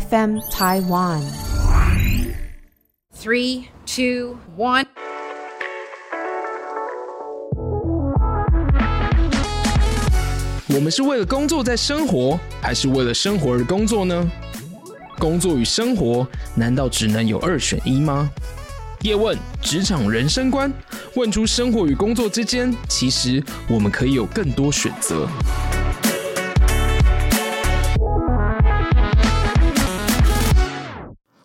FM Taiwan。Three, two, one。2 3, 2, 我們是為了工作在生活，還是為了生活而工作呢？工作與生活難道只能有二選一嗎？業問職場人生觀，問出生活與工作之間，其實我們可以有更多選擇。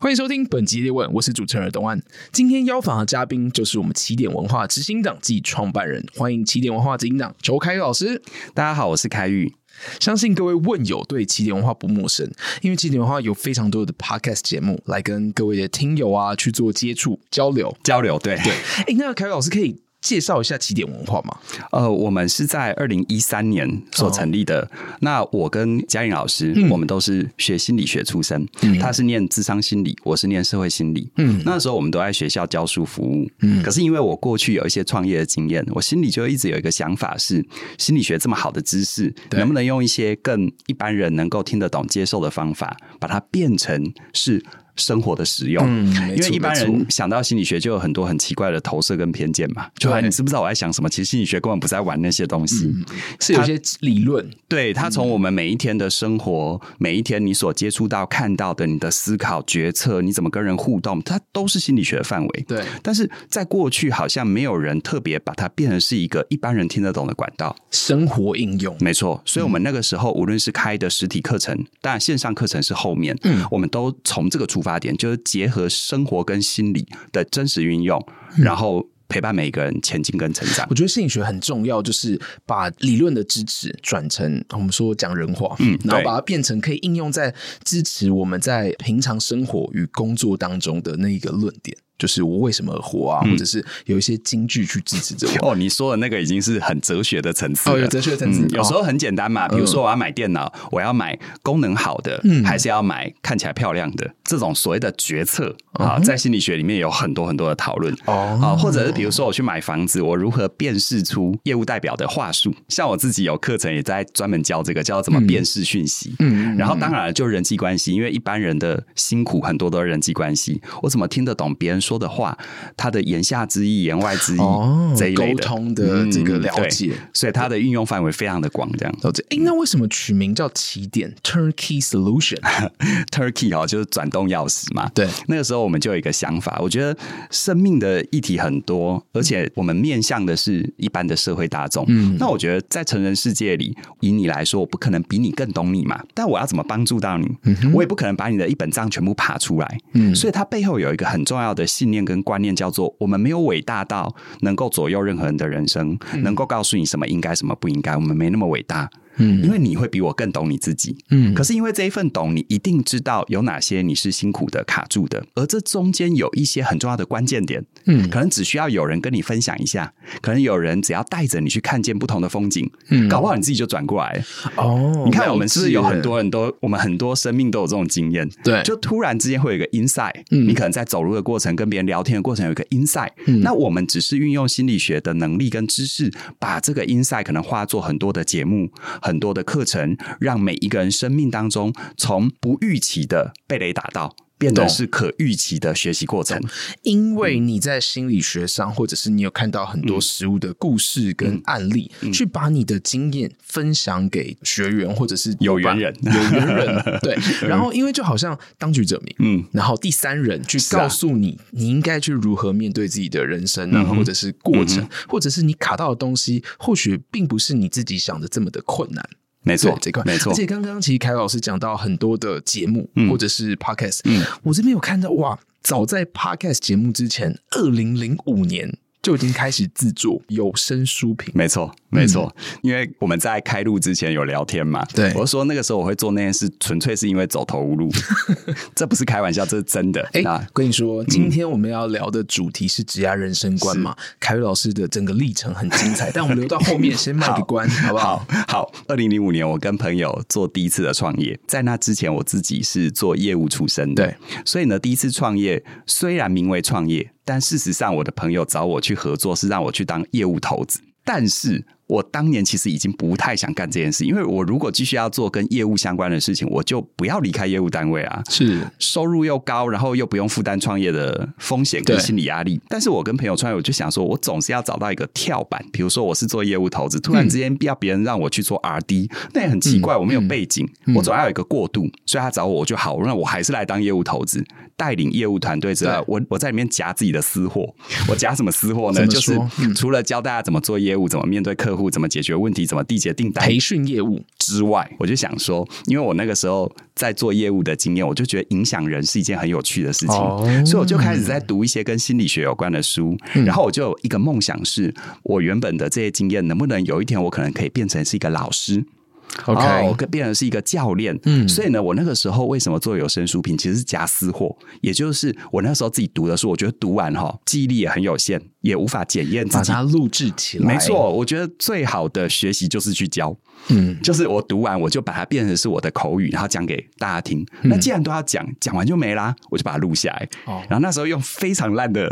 歡迎收聽本集《業問》，我是主持人耳東安。今天邀訪的嘉賓就是我們啟點文化執行長暨創辦人，歡迎啟點文化執行長裘凱宇老師。大家好，我是凱宇。相信各位問友對啟點文化不陌生，因為啟點文化有非常多的 podcast 節目來跟各位的聽友啊去做接觸、交流、交流。對對，哎、欸，那個凱宇老師可以，介紹一下啟點文化嘛。呃，我們是在二零一三年所成立的。哦，那我跟嘉穎老師，嗯，我們都是學心理學出身。嗯、他是念諮商心理，我是念社會心理。嗯，那時候我們都在學校教書服務。嗯，可是因為我過去有一些創業的經驗，嗯，我心裡就一直有一個想法是：是心理學這麼好的知識，對能不能用一些更一般人能夠聽得懂、接受的方法，把它變成是，生活的使用，嗯、因為一般人想到心理學就有很多很奇怪的投射跟偏見嘛。就對，你知不知道我在想什麼？其實心理學根本不在玩那些東西，嗯、是有些理論。對，它從我們每一天的生活，嗯、每一天你所接觸到、看到的，你的思考、決策，你怎麼跟人互動，它都是心理學的範圍。對，但是在過去好像沒有人特別把它變成是一個一般人聽得懂的管道，生活應用。沒錯，所以我們那個時候無論是開的實體課程，嗯、當然線上課程是後面，嗯，我們都從這個出發。啟點就是結合生活跟心理的真實運用，嗯、然後陪伴每一個人前進跟成長。我覺得心理學很重要，就是把理論的支持轉成我們說講人話，嗯，然後把它變成可以應用在支持我們在平常生活與工作當中的那一個論點。就是我為什麼而活啊？或者是有一些金句去支持着我哦。你說的那個已經是很哲學的層次了，哦，有哲學的層次。有時候很簡單嘛，比如說我要買電腦，我要買功能好的，還是要買看起來漂亮的？這種所謂的決策啊，在心理學裡面有很多很多的討論哦。或者是比如說我去買房子，我如何辨識出業務代表的話術？像我自己有課程也在專門教這個，叫怎麼辨識訊息。嗯，然後當然就人際關係，因為一般人的辛苦很多都是人際關係。我怎麼聽得懂別人？說的話，他的言下之意、言外之意、哦、這一類的溝通的這個了解，嗯、所以他的運用範圍非常的廣。這樣，哎、欸，那為什麼取名叫啟點 （Turnkey Solution）？Turnkey 哦，就是轉動鑰匙嘛。對，那個時候我們就有一個想法，我覺得生命的議題很多，而且我們面向的是一般的社會大眾。嗯，那我覺得在成人世界裡，以你來說，我不可能比你更懂你嘛。但我要怎麼幫助到你？嗯、哼我也不可能把你的一本賬全部爬出來。嗯，所以他背後有一個很重要的信念跟觀念叫做：我們沒有偉大到能夠左右任何人的人生，嗯、能夠告訴你什麼應該、什麼不應該。我們沒那麼偉大。嗯，因為你會比我更懂你自己，嗯，可是因為這一份懂，你一定知道有哪些你是辛苦的、卡住的，而這中間有一些很重要的關鍵點，嗯，可能只需要有人跟你分享一下，可能有人只要帶着你去看見不同的風景，嗯，搞不好你自己就轉過來了。哦，你看我們是不是有很多人都，我們很多生命都有這種經驗，對，就突然之間會有一個 insight，你可能在走路的過程、跟別人聊天的過程有一個 insight，那我們只是運用心理學的能力跟知識，把這個 insight 可能化作很多的節目。很多的課程，讓每一個人生命當中，從不預期的被雷打到。變動是可預期的學習過程，No. 因為你在心理學上，或者是你有看到很多實物的故事跟案例，嗯嗯嗯、去把你的經驗分享給學員，或者是有緣人，有緣人 對。然後，因為就好像當局者迷，嗯，然後第三人去告訴你，啊、你應該去如何面對自己的人生，啊，然後、嗯、哼或者是過程，嗯、哼或者是你卡到的東西，或許並不是你自己想的這麼的困難。沒錯，沒錯。而且剛剛其實凱老師講到很多的節目，嗯、或者是 podcast，嗯、我這邊有看到哇，早在 podcast 節目之前，二零零五年。就已經開始制作有聲書評，沒錯，沒錯。因為我們在開錄之前有聊天嘛，對，我說那個時候我會做那件事，純粹是因為走投無路，這不是開玩笑，這是真的。哎，那，跟你說，今天我們要聊的主題是職場人生觀嘛？裘凱宇老師的整個歷程很精彩，但我們留到後面先賣個關子，好不好？好。二零零五年，我跟朋友做第一次的創業，在那之前，我自己是做業務出身的，所以呢，第一次創業雖然名為創業。但事實上，我的朋友找我去合作，是讓我去當業務頭子，但是，我當年其實已經不太想幹這件事，因為我如果繼續要做跟業務相關的事情，我就不要離開業務單位啊。是。收入又高，然後又不用負擔創業的風險跟心理壓力。對但是我跟朋友創業，我就想說，我總是要找到一個跳板。比如說，我是做業務投資，突然之間要別人讓我去做 RD，那、嗯、也很奇怪。嗯、我沒有背景，嗯、我總要有一個過渡。所以他找我就好，那我還是來當業務投資，帶領業務團隊。之外，對我我在裡面夾自己的私貨。我夾什麼私貨呢？ 說就是、嗯、除了教大家怎麼做業務，怎麼面對客戶。業怎麼解決問題？怎麼締結訂單？培訓業務之外，我就想說，因為我那個時候在做業務的經驗，我就覺得影響人是一件很有趣的事情，oh, 所以我就開始在讀一些跟心理學有關的書。嗯、然後我就有一個夢想是，是我原本的這些經驗，能不能有一天我可能可以變成是一個老師？OK，我變成是一個教練。嗯，所以呢，我那個時候為什麼做有聲書評，其實是夾私貨，也就是我那時候自己讀的書，我覺得讀完哈，記憶力也很有限。也無法檢驗自己，把它錄製起來。沒錯，我覺得最好的學習就是去教，嗯，就是我讀完我就把它變成是我的口語，然後講給大家聽。嗯、那既然都要講，講完就沒啦，我就把它錄下來。哦，然後那時候用非常爛的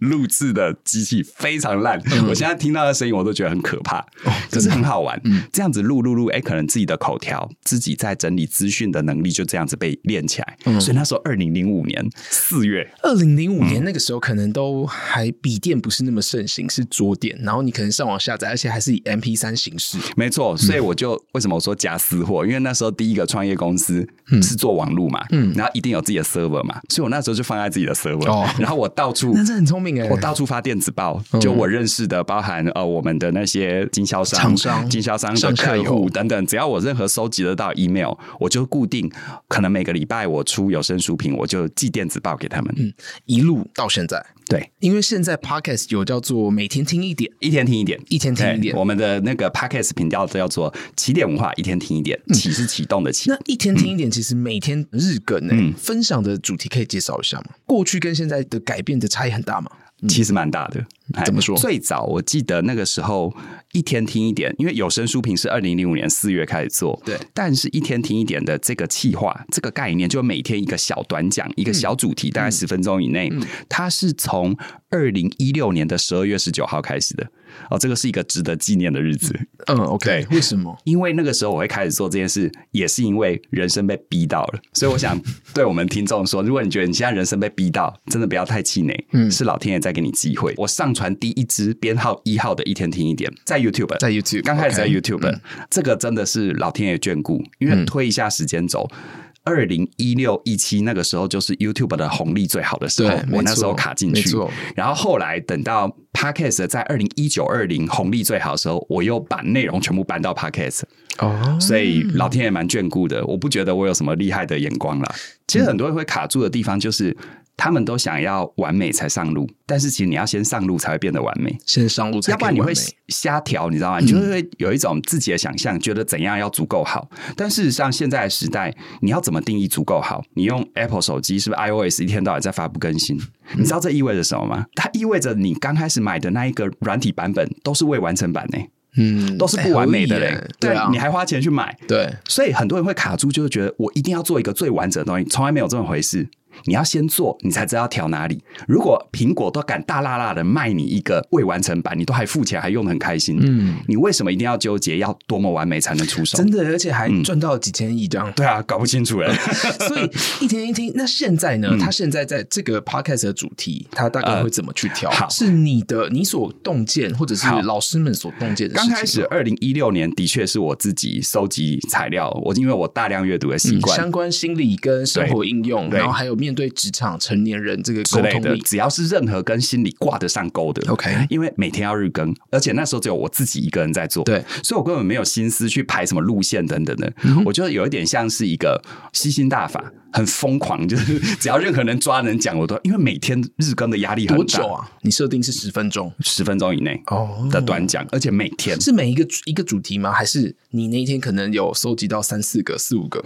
錄製 的機器，非常爛。嗯、我現在聽到的聲音我都覺得很可怕，哦、可是很好玩。嗯、這樣子錄錄錄，哎、欸，可能自己的口條、自己在整理資訊的能力就這樣子被練起來。嗯、所以那時候，二零零五年四月，二零零五年那個時候，可能都還筆電不是那麼盛行，是桌電，然後你可能上網下載，而且還是以 MP3 形式。沒錯，所以我就、嗯、為什麼我說假私貨，因為那時候第一個創業公司是做網路嘛，嗯，然後一定有自己的 server 嘛，所以我那時候就放在自己的 server，哦、然後我到處，那這很聰明哎，我到處發電子報，就我認識的，嗯、包含呃我們的那些經銷商、廠商經銷商的客戶等等，只要我任何收集得到 email，我就固定可能每個禮拜我出有聲書評，我就寄電子報給他們，嗯，一路到現在，對，因為現在 Podcast 有叫做每天聽一點，一天聽一點，一天聽一點。我們的那個 podcast 頻道都叫做啟點文化，一天聽一點，啟是啟動的啟、嗯。那一天聽一點，其實每天日更呢、欸，嗯、分享的主題可以介紹一下嗎？過去跟現在的改變的差異很大嗎？其實蠻大的，嗯、還怎麼說？最早我記得那個時候一天聽一點，因為有聲書評是二零零五年四月開始做，對。但是，一天聽一點的這個企劃，這個概念，就每天一個小短講，一個小主題，嗯、大概十分鐘以內，嗯嗯、它是從二零一六年的十二月十九號開始的。哦，這個是一個值得紀念的日子。嗯，OK，對為什麼？因為那個時候我會開始做這件事，也是因為人生被逼到了。所以我想對我們聽眾說， 如果你覺得你現在人生被逼到，真的不要太氣餒。嗯，是老天爺在給你機會。我上傳第一支編號一號的一天聽一點，在 YouTube，在 YouTube，剛開始在 YouTube，okay,、嗯、這個真的是老天爺眷顧。因為推一下時間軸。嗯二零一六一七那個時候，就是 YouTube 的紅利最好的時候，對我那時候卡進去。錯然後後來等到 Podcast 在二零一九二零紅利最好的時候，我又把內容全部搬到 Podcast。哦，所以老天爺蠻眷顧的，我不覺得我有什麼厲害的眼光了。嗯、其實很多人會卡住的地方就是。他們都想要完美才上路，但是其實你要先上路才會變得完美。先上路才完美，要不然你會瞎調，你知道嗎？嗯、你就會有一種自己的想象，覺得怎樣要足夠好。但事實上，現在的時代，你要怎麼定義足夠好？你用 Apple 手機是不是 iOS 一天到晚在發布更新？嗯、你知道這意味着什麼嗎？它意味着你剛開始買的那一個軟體版本都是未完成版嘞、欸，嗯，都是不完美的嘞、欸。欸、對，對啊、你還花錢去買，對，所以很多人會卡住，就是覺得我一定要做一個最完整的東西，從來沒有這麼回事。你要先做，你才知道要調哪裡。如果蘋果都敢大辣辣的賣你一個未完成版，你都還付錢，還用得很開心。嗯，你為什麼一定要糾結要多麼完美才能出手？真的，而且還賺到幾千億這樣、嗯。對啊，搞不清楚了。 所以一天一聽，那現在呢？嗯、他現在在這個 podcast 的主題，他大概會怎麼去挑？呃、是你的你所洞見，或者是老師們所洞見的事情？剛開始二零一六年，的確是我自己收集材料，我因為我大量閱讀的習慣，相關心理跟生活應用，對然後還有面。面對職場成年人這個溝通力，只要是任何跟心理掛得上鈎的，OK，因為每天要日更，而且那時候只有我自己一個人在做，對，所以我根本沒有心思去排什麼路線等等的，嗯、哼我覺得有一點像是一個吸星大法。很瘋狂，就是只要任何人抓人講，我都因為每天日更的壓力很大。多久啊？你設定是十分鐘，十分鐘以內哦的短講、oh. 而且每天是每一個一個主題嗎？還是你那一天可能有收集到三四個四五個？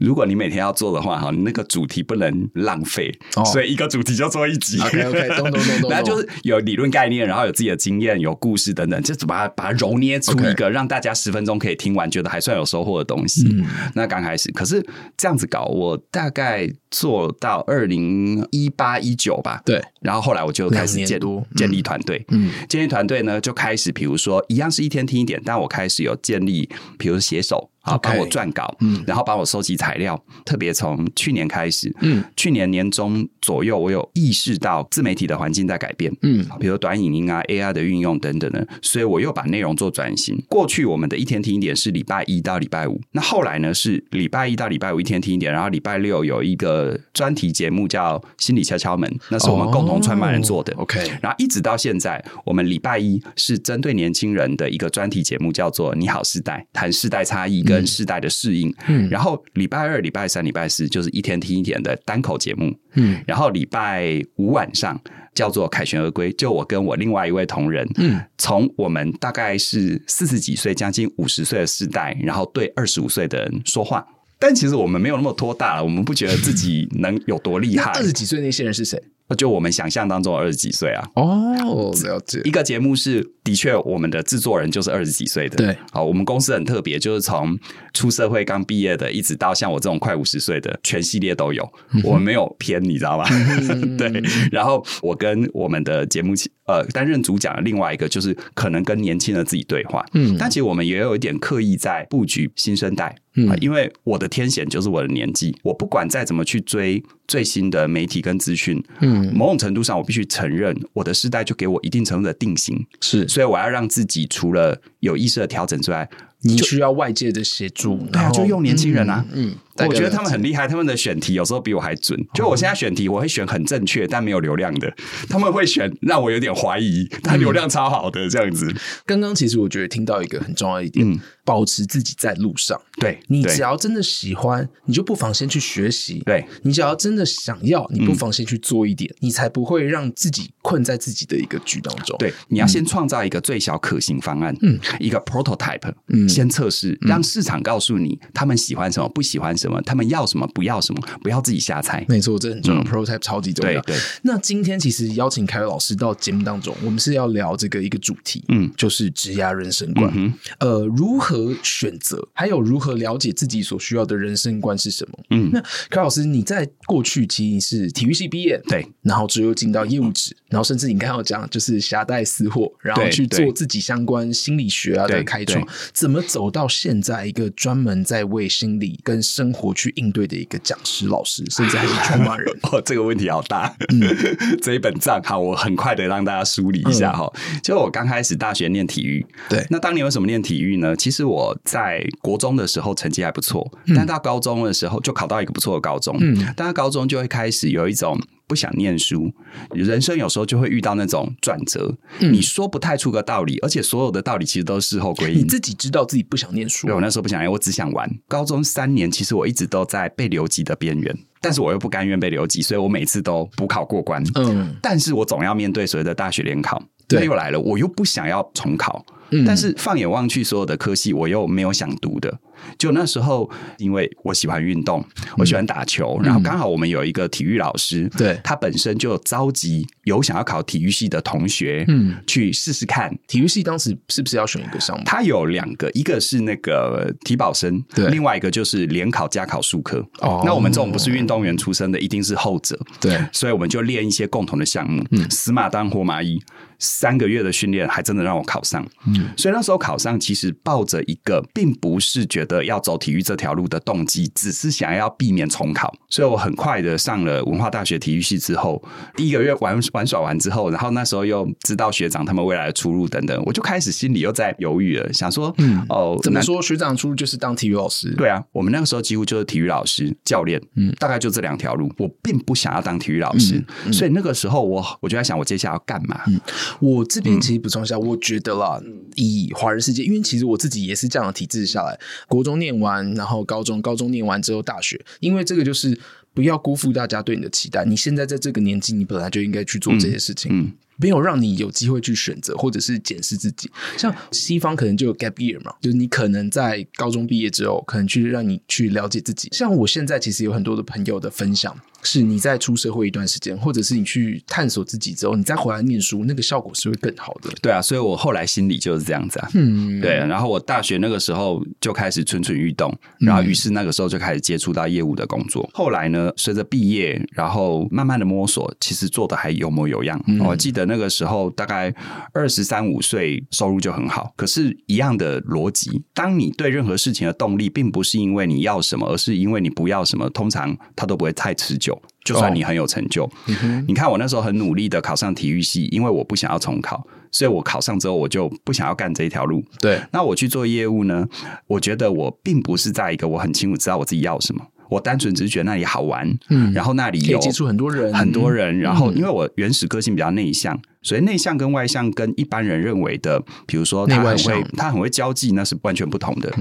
如果你每天要做的話哈，你那個主題不能浪費哦。Oh. 所以一個主題就做一集 ok ok 動動動動 然後就是有理論概念，然後有自己的經驗有故事等等，就怎麼把它揉捏出一個 Okay. 讓大家十分鐘可以聽完覺得還算有收穫的東西嗯。那剛開始可是這樣子搞我大概做到二零一八一九吧，對，然後後來我就開始建、建建立團隊，嗯，建立團隊、嗯、呢就開始，比如說一樣是一天聽一點，但我開始有建立，比如寫手。好，幫我撰稿，Okay. 然後幫我收集材料。嗯、特別從去年開始，嗯、去年年中左右，我有意識到自媒體的環境在改變，嗯，比如短影音啊、AI 的運用等等呢。所以我又把內容做轉型。過去我們的一天聽一點是禮拜一到禮拜五，那後來呢是禮拜一到禮拜五一天聽一點，然後禮拜六有一個專題節目叫《心理敲敲門》，那是我們共同創辦人做的。Oh, OK，然後一直到現在，我們禮拜一是針對年輕人的一個專題節目，叫做《你好世代》，談世代差異、嗯。跟世代的適應，然後禮拜二、禮拜三、禮拜四就是一天聽一點的單口節目，嗯，然後禮拜五晚上叫做凱旋而歸，就我跟我另外一位同仁，嗯，從我們大概是四十幾歲、將近五十歲的世代，然後對二十五歲的人說話，但其實我們沒有那麼拖大，我們不覺得自己能有多厲害。 二十幾歲那些人是誰？就我們想象當中二十幾歲啊，哦，oh, I 一個節目是的確我們的製作人就是二十幾歲的，對，好，我們公司很特別，就是從出社會剛畢業的，一直到像我這種快五十歲的，全系列都有，我們沒有偏， 你知道嗎？ 對，然後我跟我們的節目呃擔任主講的另外一個就是可能跟年輕的自己對話，嗯，但其實我們也有一點刻意在佈局新生代。嗯、因為我的天險就是我的年紀，我不管再怎麼去追最新的媒體跟資訊，嗯，某種程度上我必須承認，我的世代就給我一定程度的定型，是，所以我要讓自己除了有意識的調整之外，你需要外界的協助，就後對啊，就用年輕人啊，嗯。嗯我覺得他們很厲害，他們的選題有時候比我還準。就我現在選題，我會選很正確但沒有流量的；他們會選讓我有點懷疑但流量超好的這樣子。剛剛其實我覺得聽到一個很重要一點，保持自己在路上。對。你只要真的喜歡，你就不妨先去學習；對。你只要真的想要，你不妨先去做一點，你才不會讓自己困在自己的一個局當中。對，你要先創造一個最小可行方案，嗯，一個 prototype，嗯，先測試，讓市場告訴你他們喜歡什麼，不喜歡什麼。什麼？他們要什麼？不要什麼？不要自己瞎猜。沒錯，這很重要。種 Prototype 超級重要。對，對那今天其實邀請凱宇老師到節目當中，我們是要聊這個一個主題，嗯，就是職場人生觀。嗯、哼呃，如何選擇？還有如何了解自己所需要的人生觀是什麼？嗯。那凱宇老師，你在過去其實你是體育系畢業，對，然後只有進到業務職，嗯、然後甚至你剛有講就是夾帶私貨，然後去做自己相關心理學啊的開創，怎麼走到現在一個專門在為心理跟生活活去應對的一個講師老師，甚至還是創辦人 哦，這個問題好大。嗯、這一本賬，好，我很快的讓大家梳理一下哈。其實、嗯、我剛開始大學念體育，對，那當年為什麼念體育呢？其實我在國中的時候成績還不錯，嗯、但到高中的時候就考到一個不錯的高中，嗯，但到高中就會開始有一種。不想念書，人生有時候就會遇到那種轉折，嗯、你說不太出個道理，而且所有的道理其實都是事後歸因。你自己知道自己不想念書，對，我那時候不想念，我只想玩。高中三年，其實我一直都在被留級的邊緣，但是我又不甘願被留級，所以我每次都補考過關。嗯，但是我總要面對所謂的大學聯考，對，又來了，我又不想要重考。嗯、但是放眼望去，所有的科系我又沒有想讀的。就那時候，因為我喜歡運動，我喜歡打球，嗯、然後剛好我們有一個體育老師，對、嗯、他本身就召集有想要考體育系的同學，嗯，去試試看體育系當時是不是要選一個項目、嗯。他有兩個，一個是那個體保生，對，另外一個就是聯考加考術科。哦，那我們這種不是運動員出身的，一定是後者。對，所以我們就練一些共同的項目，嗯、死馬當活馬醫，三個月的訓練還真的讓我考上。嗯、所以那時候考上，其實抱着一個並不是覺得要走體育這條路的動機，只是想要避免重考。所以我很快的上了文化大學體育系之後，第一個月玩玩耍完之後，然後那時候又知道學長他們未來的出路等等，我就開始心裡又在猶豫了，想說哦，嗯呃、怎麼說那學長出路就是當體育老師？對啊，我們那個時候幾乎就是體育老師、教練，嗯、大概就這兩條路。我並不想要當體育老師，嗯嗯、所以那個時候我我就在想，我接下來要幹嘛？嗯、我這邊其實補充一下，嗯、我覺得啦。以華人世界，因為其實我自己也是這樣的體制下來，國中念完，然後高中，高中念完之後大學，因為這個就是不要辜負大家對你的期待。你現在在這個年紀，你本來就應該去做這些事情。嗯嗯沒有讓你有機會去選擇，或者是檢視自己。像西方可能就有 gap year 嘛，就是你可能在高中畢業之後，可能去讓你去了解自己。像我現在其實有很多的朋友的分享，是你在出社會一段時間，或者是你去探索自己之後，你再回來念書，那個效果是會更好的。對啊，所以我後來心裡就是這樣子啊。嗯，對。然後我大學那個時候就開始蠢蠢欲動，然後於是那個時候就開始接觸到業務的工作。嗯，後來呢，隨着畢業，然後慢慢的摸索，其實做的還有模有樣。嗯，我記得。那個時候大概二十三五歲，收入就很好。可是，一樣的邏輯，當你對任何事情的動力，並不是因為你要什麼，而是因為你不要什麼。通常他都不會太持久。就算你很有成就，oh. mm hmm. 你看我那時候很努力的考上體育系，因為我不想要重考，所以我考上之後我就不想要幹這一條路。對，那我去做業務呢？我覺得我並不是在一個我很清楚知道我自己要什麼。我單純只是覺得那裡好玩，嗯，然後那裡有可以接觸很多人，嗯，很多人，然後因為我原始個性比較內向。嗯嗯所以內向跟外向跟一般人認為的，比如說他很會他很會交際，那是完全不同的。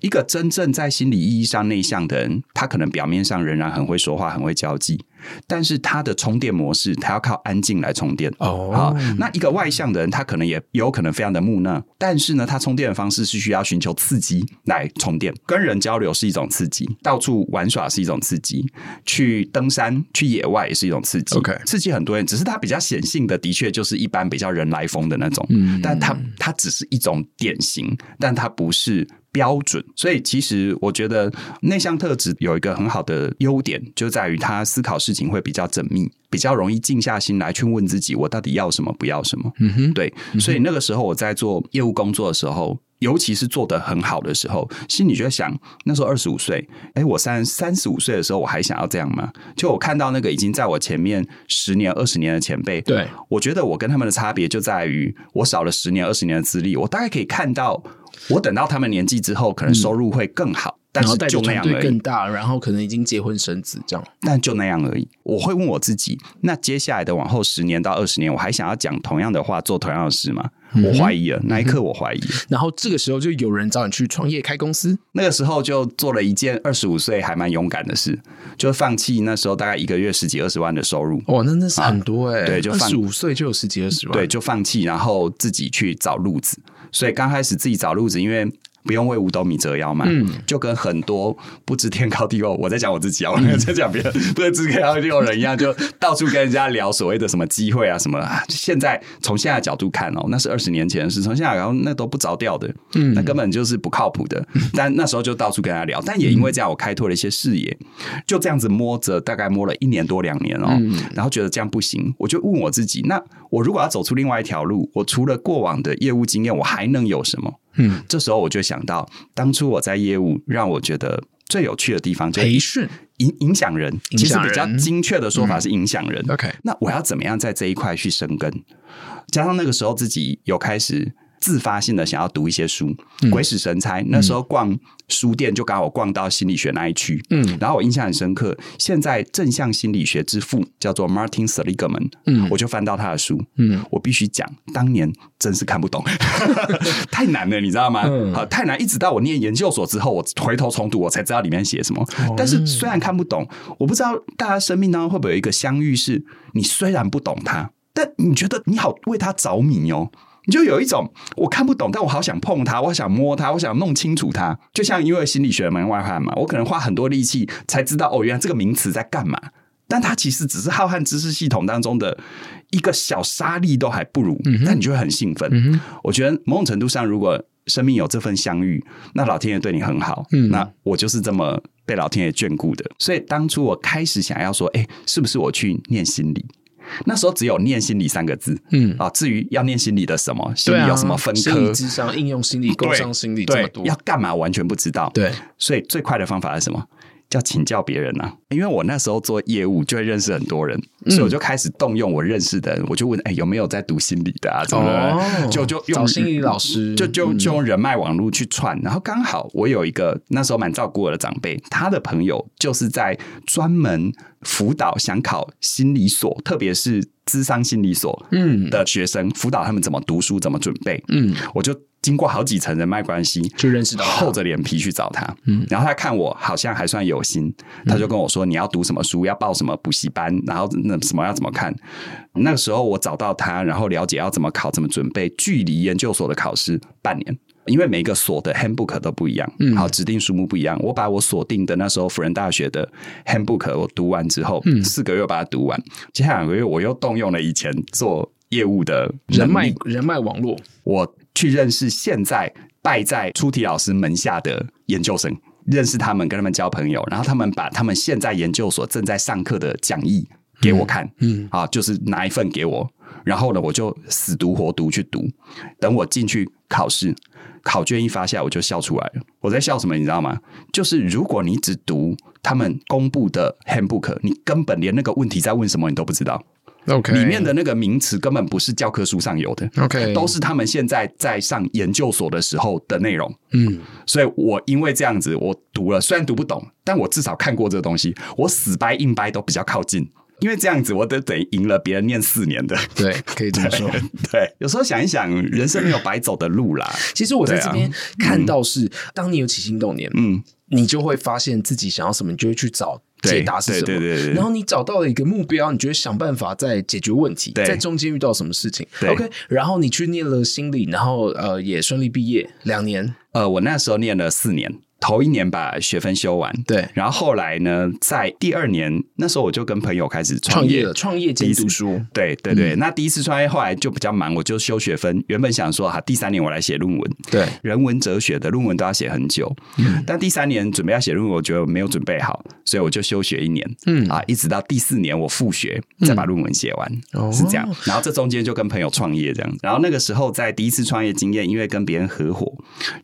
一個真正在心理意義上內向的人，他可能表面上仍然很會說話、很會交際，但是他的充電模式，他要靠安靜來充電。哦，好，那一個外向的人，他可能也也有可能非常的木訥，但是呢，他充電的方式是需要尋求刺激來充電。跟人交流是一種刺激，到處玩耍是一種刺激，去登山去野外也是一種刺激。OK，刺激很多人，只是他比較顯性的，的確。就是一般比較人來瘋的那種，但它，它只是一種典型，但它不是標準。所以其實我覺得內向特質有一個很好的優點，就在於他思考事情會比較縝密，比較容易靜下心來去問自己：我到底要什麼，不要什麼？嗯哼，對。所以那個時候我在做業務工作的時候，尤其是做得很好的時候，心裡就在想，那時候二十五歲，哎，我三三十五歲的時候，我還想要這樣嗎？就我看到那個已經在我前面十年、二十年的前輩，對，我覺得我跟他們的差別就在於我少了十年、二十年的資歷。我大概可以看到，我等到他們年紀之後，可能收入會更好，嗯，但是就那樣而已。更大，然後可能已經結婚生子這樣，但就那樣而已。我會問我自己，那接下來的往後十年到二十年，我還想要講同樣的話，做同樣的事嗎？我懷疑了，嗯、哼那一刻我懷疑。然後這個時候就有人找你去創業開公司。那個時候就做了一件二十五歲還蠻勇敢的事，就放棄那時候大概一個月十幾二十萬的收入。哇、哦，那那是很多哎、欸，啊、對，就二十五歲就有十幾二十萬，對，就放棄，然後自己去找路子。所以剛開始自己找路子，因為。不用為五斗米折腰嘛？嗯，就跟很多不知天高地厚，我在講我自己啊，我沒有在講別人不知天高地厚人一樣，就到處跟人家聊所謂的什麼機會啊什麼啊。現在從現在的角度看哦，那是二十年前的事，從現在然後那都不着調的，嗯，那根本就是不靠譜的。但那時候就到處跟他聊，嗯，但也因為這樣，我開拓了一些視野。就這樣子摸着，大概摸了一年多兩年哦，然後覺得這樣不行，我就問我自己：那我如果要走出另外一條路，我除了過往的業務經驗，我還能有什麼？嗯，這時候我就想到，當初我在業務讓我覺得最有趣的地方，就是培訓，影影響人，其實比較精確的說法是影響人。OK，響那我要怎麼樣在這一塊去生根？加上那個時候自己有開始，自發性的想要讀一些書，鬼使神差，嗯、那時候逛書店就剛好逛到心理學那一區，嗯，然後我印象很深刻。現在正向心理學之父叫做 Martin Seligman，我就翻到他的書，嗯，我必須講，當年真是看不懂， 太難了，你知道嗎？嗯、太難！一直到我念研究所之後，我回頭重讀，我才知道裡面寫什麼。但是雖然看不懂，我不知道大家生命當中會不會有一個相遇，是你雖然不懂他，但你覺得你好為他着迷哦。你就有一種我看不懂，但我好想碰它，我想摸它，我想弄清楚它。就像因為心理學門外漢嘛，我可能花很多力氣才知道哦，原來這個名詞在幹嘛。但它其實只是浩瀚知識系統當中的一個小沙粒都還不如，但你就會很興奮。嗯、哼我覺得某種程度上，如果生命有這份相遇，那老天爺對你很好。嗯、哼那我就是這麼被老天爺眷顧的。所以當初我開始想要說，哎、欸，是不是我去念心理？那時候只有“念心理”三個字，嗯啊，至於要念心理的什麼，啊、心理有什麼分科，心理諮商、應用心理、工商心理這麼多，要幹嘛完全不知道，對，所以最快的方法是什麼？叫請教別人吶、啊，因為我那時候做業務就會認識很多人，嗯、所以我就開始動用我認識的人，我就問哎、欸、有沒有在讀心理的啊？怎麼、哦？就就找心理老師，就就就用人脈網絡去串。嗯嗯，然後剛好我有一個那時候蠻照顧我的長輩，他的朋友就是在專門輔導想考心理所，特別是。智商心理所，嗯，的學生輔、嗯、導他們怎麼讀書，怎麼準備，嗯，我就經過好幾層人脈關係，就認識到厚着臉皮去找他，嗯，然後他看我好像還算有心，他就跟我說、嗯、你要讀什麼書，要報什麼補習班，然後那什麼要怎麼看？那個時候我找到他，然後了解要怎麼考，怎麼準備，距離研究所的考試半年。因為每個所的 handbook 都不一樣，嗯、好指定書目不一樣。我把我鎖定的那時候輔仁大學的 handbook 我讀完之後，四、嗯、個月把它讀完。接下來兩個月，我又動用了以前做業務的人脈、人脈網絡，我去認識現在拜在出題老師門下的研究生，認識他們，跟他們交朋友，然後他們把他們現在研究所正在上課的講義。給我看，嗯，嗯啊，就是拿一份給我，然後呢，我就死讀活讀去讀。等我進去考試，考卷一發下來，我就笑出來了。我在笑什麼？你知道嗎？就是如果你只讀他們公布的 handbook，你根本連那個問題在問什麼你都不知道。OK，裡面的那個名詞根本不是教科書上有的。OK，都是他們現在在上研究所的時候的內容。嗯，所以我因為這樣子，我讀了，雖然讀不懂，但我至少看過這個東西，我死掰硬掰都比較靠近。因為這樣子，我得等贏了別人唸四年的， 對，可以這麼說對。對，有時候想一想，人生沒有白走的路啦。 其實我在這邊看到是，嗯、當你有起心動念，嗯，你就會發現自己想要什麼，你就會去找解答是什麼。對，對對對，然後你找到了一個目標，你就會想辦法在解決問題。對在中間遇到什麼事情對，OK？然後你去唸了心理，然後呃也順利畢業兩年。呃，我那時候唸了四年。頭一年把學分修完，對，然後後來呢，在第二年那時候，我就跟朋友開始創業，創業兼讀書，對對對，嗯、那第一次創業後來就比較忙，我就修學分。原本想說哈、啊，第三年我來寫論文，對，人文哲學的論文都要寫很久，嗯、但第三年準備要寫論文，我覺得我沒有準備好，所以我就休學一年，嗯啊，一直到第四年我復學，再把論文寫完，嗯、是這樣。然後這中間就跟朋友創業這樣，然後那個時候在第一次創業經驗，因為跟別人合夥，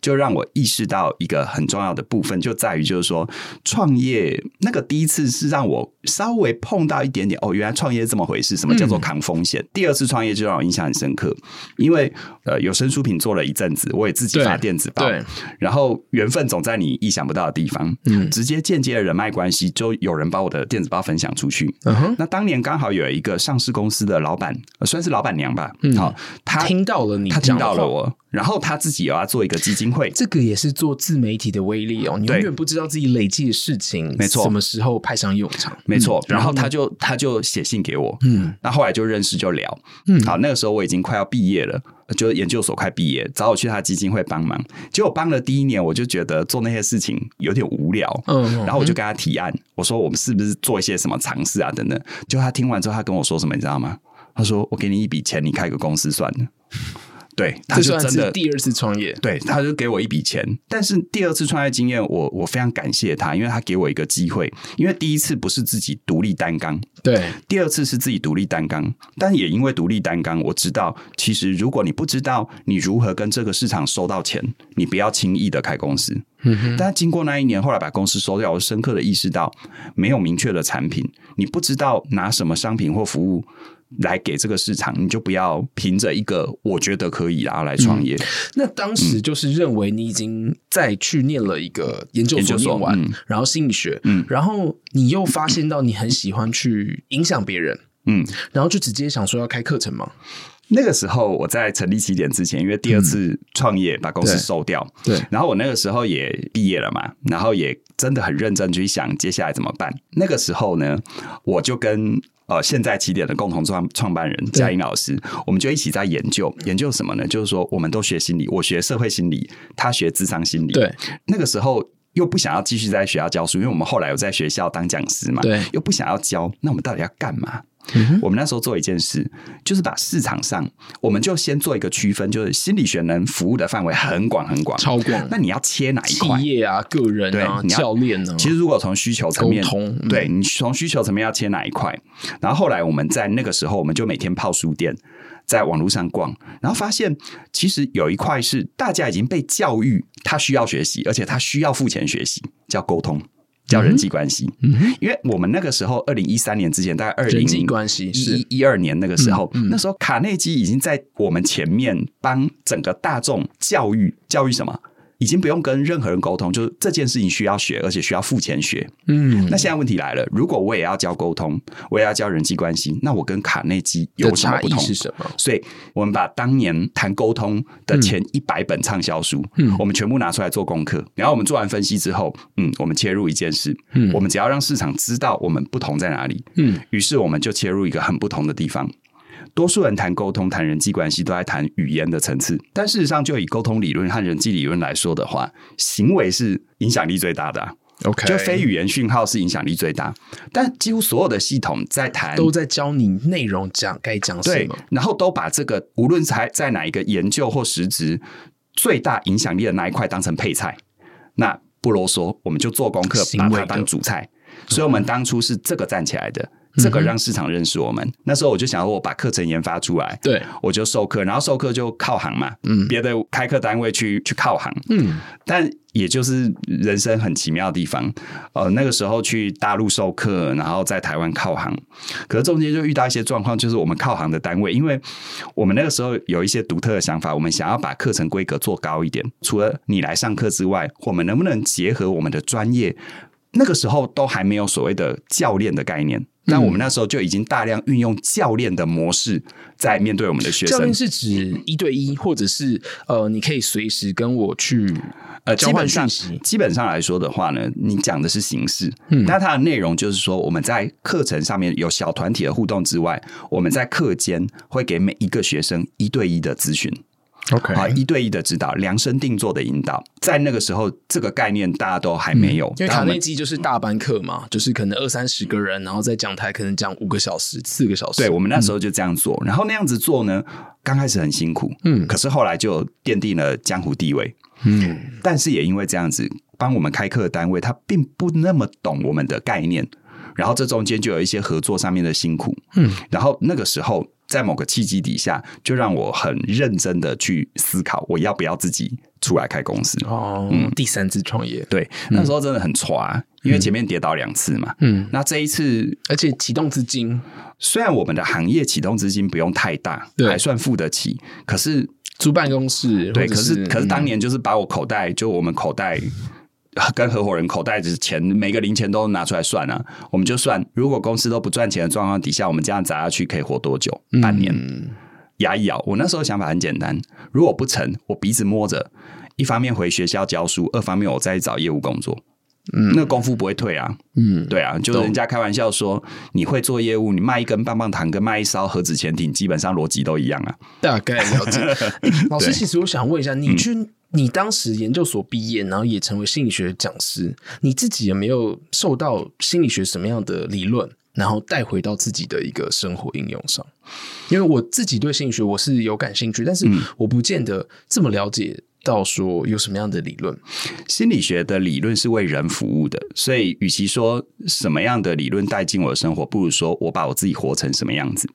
就讓我意識到一個很重要。的部分就在於，就是說，創業那個第一次是讓我稍微碰到一點點哦，原來創業這麼回事，什麼叫做扛風險？第二次創業就讓我印象很深刻，因為呃有聲書評做了一陣子，我也自己發電子報，對，然後緣分總在你意想不到的地方，直接間接的人脈關係，就有人把我的電子報分享出去。那當年剛好有一個上市公司的老闆，算是老闆娘吧，好，他聽到了你，他聽到了我。然後他自己也要做一個基金會，這個也是做自媒體的威力哦。你永遠不知道自己累積的事情，沒錯，什麼時候派上用場，沒錯。嗯、然後他就、嗯、他就寫信給我，嗯，那後，後來就認識就聊，嗯，好，那個時候我已經快要畢業了，就研究所快畢業，找我去他的基金會幫忙。結果幫了第一年，我就覺得做那些事情有點無聊，嗯，然後我就跟他提案，嗯、我說我們是不是做一些什麼嘗試啊？等等，就他聽完之後，他跟我說什麼，你知道嗎？他說我給你一筆錢，你開個公司算了。嗯對，他就真的，這算是第二次創業。對，他就給我一筆錢，但是第二次創業經驗，我我非常感謝他，因為他給我一個機會。因為第一次不是自己獨立單幹，對，第二次是自己獨立單幹，但也因為獨立單幹，我知道其實如果你不知道你如何跟這個市場收到錢，你不要輕易的開公司。嗯哼。但經過那一年，後來把公司收掉，我深刻的意識到，沒有明確的產品，你不知道拿什麼商品或服務。來給這個市場，你就不要憑着一個我覺得可以然後來創業。嗯。那當時就是認為你已經在去念了一個研究所念完、嗯、然後心理學，嗯，然後你又發現到你很喜歡去影響別人，嗯，然後就直接想說要開課程嘛。那個時候我在成立起點之前，因為第二次創業把公司收掉，嗯，對，對，然後我那個時候也畢業了嘛，然後也真的很認真去想接下來怎麼辦。那個時候呢，我就跟呃，現在啟點的共同創創辦人嘉對英老師，我們就一起在研究。研究什麼呢？就是說，我們都學心理，我學社會心理，他學諮商心理。對，那個時候又不想要繼續在學校教書，因為我們後來有在學校當講師嘛。對，又不想要教，那我們到底要幹嘛？ 我們那時候做一件事，就是把市場上，我們就先做一個區分，就是心理學能服務的範圍很廣很廣，超廣廣。那你要切哪一塊？企業啊，個人啊，對，你要教練啊。其實如果從需求層面，溝通，對，你從需求層面要切哪一塊？然後後來我們在那個時候，我們就每天泡書店，在網絡上逛，然後發現其實有一塊是大家已經被教育，他需要學習，而且他需要付錢學習，叫溝通。叫人際關係，嗯、哼因為我們那個時候，二零一三年之前，大概二零一一二年那個時候，嗯嗯、那時候卡內基已經在我們前面幫整個大眾教育教育什麼？已經不用跟任何人溝通，就是這件事情需要學，而且需要付錢學。嗯，那現在問題來了，如果我也要教溝通，我也要教人際關係，那我跟卡內基有什麼不同？是什麼？所以我們把當年談溝通的前一百本暢銷書，嗯，我們全部拿出來做功課。嗯，然後我們做完分析之後，嗯，我們切入一件事，嗯，我們只要讓市場知道我們不同在哪裡，嗯，於是我們就切入一個很不同的地方。多數人談溝通、談人際關係，都在談語言的層次。但事實上，就以溝通理論和人際理論來說的話，行為是影響力最大的啊。OK，就非語言訊號是影響力最大。但幾乎所有的系統在談，都在教你內容講該講什麼，對，然後都把這個無論在在哪一個研究或實質最大影響力的那一塊當成配菜。那不囉嗦，我們就做功課，把它當主菜。嗯，所以，我們當初是這個站起來的。這個讓市場認識我們。嗯、哼那時候我就想說，我把課程研發出來，對，我就授課，然後授課就靠行嘛，嗯，別的開課單位去去靠行，嗯，但也就是人生很奇妙的地方。呃，那個時候去大陸授課，然後在台灣靠行，可是中間就遇到一些狀況，就是我們靠行的單位，因為我們那個時候有一些獨特的想法，我們想要把課程規格做高一點。除了你來上課之外，我們能不能結合我們的專業？那個時候都還沒有所謂的教練的概念。但我們那時候就已經大量運用教練的模式，在面對我們的學生。教練是指一對一，或者是呃，你可以隨時跟我去呃，基本上基本上來說的話呢，你講的是形式，嗯，但它的內容就是說，我們在課程上面有小團體的互動之外，我們在課間會給每一個學生一對一的諮詢。OK，好，一對一的指導，量身定做的引導，在那個時候，這個概念大家都還沒有。嗯、因為卡內基就是大班課嘛，嗯、就是可能二三十個人，嗯、然後在講台可能講五個小時，四個小時。對，我們那時候就這樣做，嗯、然後那樣子做呢，剛開始很辛苦，嗯，可是後來就奠定了江湖地位，嗯。但是也因為這樣子，幫我們開課的單位他並不那麼懂我們的概念，然後這中間就有一些合作上面的辛苦，嗯。然後那個時候。在某個契機底下，就讓我很認真的去思考，我要不要自己出來開公司？哦，嗯，第三次創業，對，那時候真的很挫，因為前面跌倒兩次嘛，嗯，那這一次，而且啟動資金，雖然我們的行業啟動資金不用太大，對，還算付得起，可是租辦公室，對，可是可是當年就是把我口袋，就我們口袋。跟合夥人口袋的錢，每個零錢都拿出來算啊。我們就算，如果公司都不賺錢的狀況底下，我們這樣砸下去可以活多久？半年？嗯，牙一咬，我那時候想法很簡單，如果不成，我鼻子摸着，一方面回學校教書，二方面我再找業務工作。嗯，那功夫不會退啊。嗯，對啊，就人家開玩笑說，嗯、你會做業務，你賣一根棒棒糖，跟賣一艘核子潛艇，基本上邏輯都一樣啊。大概了解。 對老師，其實我想問一下，你去、嗯。你當時研究所畢業，然後也成為心理學講師。你自己有沒有受到心理學什麼樣的理論，然後帶回到自己的一個生活應用上？因為我自己對心理學我是有感興趣，但是我不見得這麼了解到說有什麼樣的理論。嗯，心理學的理論是為人服務的，所以與其說什麼樣的理論帶進我的生活，不如說我把我自己活成什麼樣子。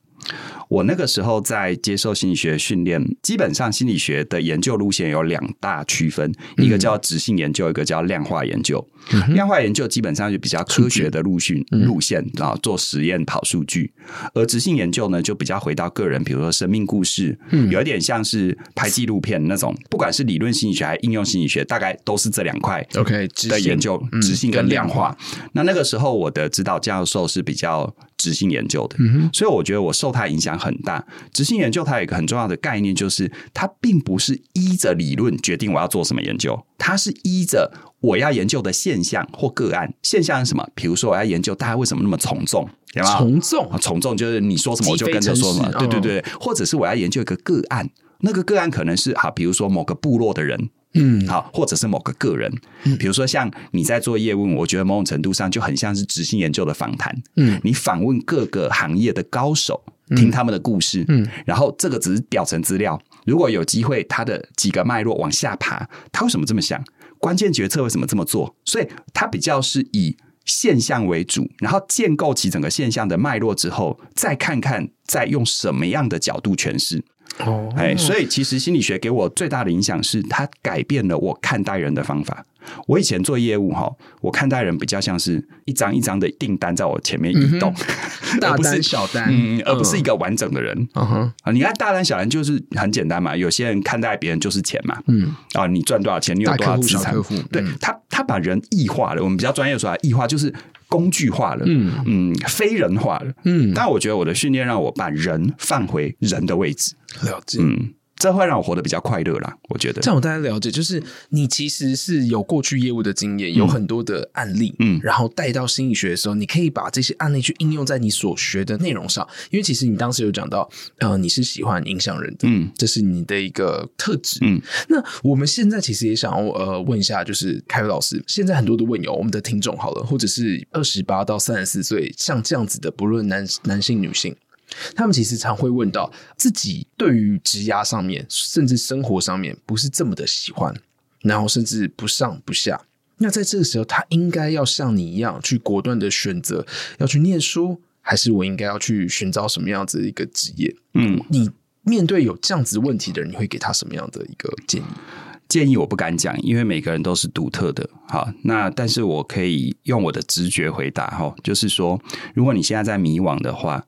我那個時候在接受心理學訓練，基本上心理學的研究路線有兩大區分，嗯、哼一個叫質性研究，一個叫量化研究。嗯、哼量化研究基本上是比較科學的路，嗯、哼路線，路線，然後做實驗跑數據；嗯、哼而質性研究呢，就比較回到個人，比如說生命故事，嗯、有點像是拍紀錄片那種。不管是理論心理學還是應用心理學，大概都是這兩塊 OK 的研究，質、okay, 嗯、性跟量化。那那個時候，我的指導教授是比較質性研究的，嗯、哼所以我覺得我受它影響很大。質性研究它有一個很重要的概念，就是它並不是依着理論決定我要做什麼研究，它是依着我要研究的現象或個案。現象是什麼？比如說我要研究大家為什麼那麼從眾，有嗎？從眾重，從眾、啊、就是你說什麼我就跟着說什麼，對對對，哦、或者是我要研究一個個案，那個個案可能是哈，啊、比如說某個部落的人。嗯，好，或者是某個個人，嗯，比如說像你在做業務，我覺得某種程度上就很像是執行研究的訪談，嗯，你訪問各個行業的高手，聽他們的故事，嗯，嗯，然後這個只是表層資料，如果有機會，它的幾個脈絡往下爬，他為什麼這麼想？關鍵決策為什麼這麼做？所以他比較是以現象為主，然後建構起整個現象的脈絡之後，再看看再用什麼樣的角度詮釋。哦，哎、oh, oh. 欸，所以其實心理學給我最大的影響是，它改變了我看待人的方法。我以前做業務哈，我看待人比較像是一張一張的訂單在我前面移動，大單小單，嗯，而不是一個完整的人。Uh huh. 你看大單小單就是很簡單嘛，有些人看待別人就是錢嘛，嗯、uh，huh. 啊，你賺多少錢，你有多少資產，客戶對他，他把人異化了。我們比較專業的說，異化就是。工具化了，嗯，嗯，非人化了，嗯，但我覺得我的訓練讓我把人放回人的位置，了解，嗯。這會讓我活得比較快樂啦，我覺得。這樣我大概了解，就是你其實是有過去業務的經驗，嗯、有很多的案例，嗯，然後帶到心理學的時候，你可以把這些案例去應用在你所學的內容上。因為其實你當時有講到，呃，你是喜歡影響人的，嗯，這是你的一個特質，嗯。那我們現在其實也想要呃問一下，就是凱宇老師，現在很多的問友，我們的聽眾好了，或者是二十八到三十四歲，像這樣子的，不論男男性、女性。他們其實常會問到自己對於職涯上面，甚至生活上面不是這麼的喜歡，然後甚至不上不下。那在這個時候，他應該要像你一樣去果斷的選擇，要去念書，還是我應該要去尋找什麼樣子的一個職業？嗯，你面對有這樣子問題的人，你會給他什麼樣的一個建議？建議我不敢講，因為每個人都是獨特的。好，那但是我可以用我的直覺回答，哈、哦，就是說，如果你現在在迷惘的話。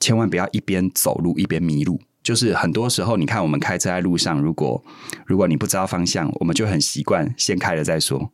千萬不要一邊走路一邊迷路，就是很多時候，你看我們開車在路上，如果如果你不知道方向，我們就很習慣先開了再說。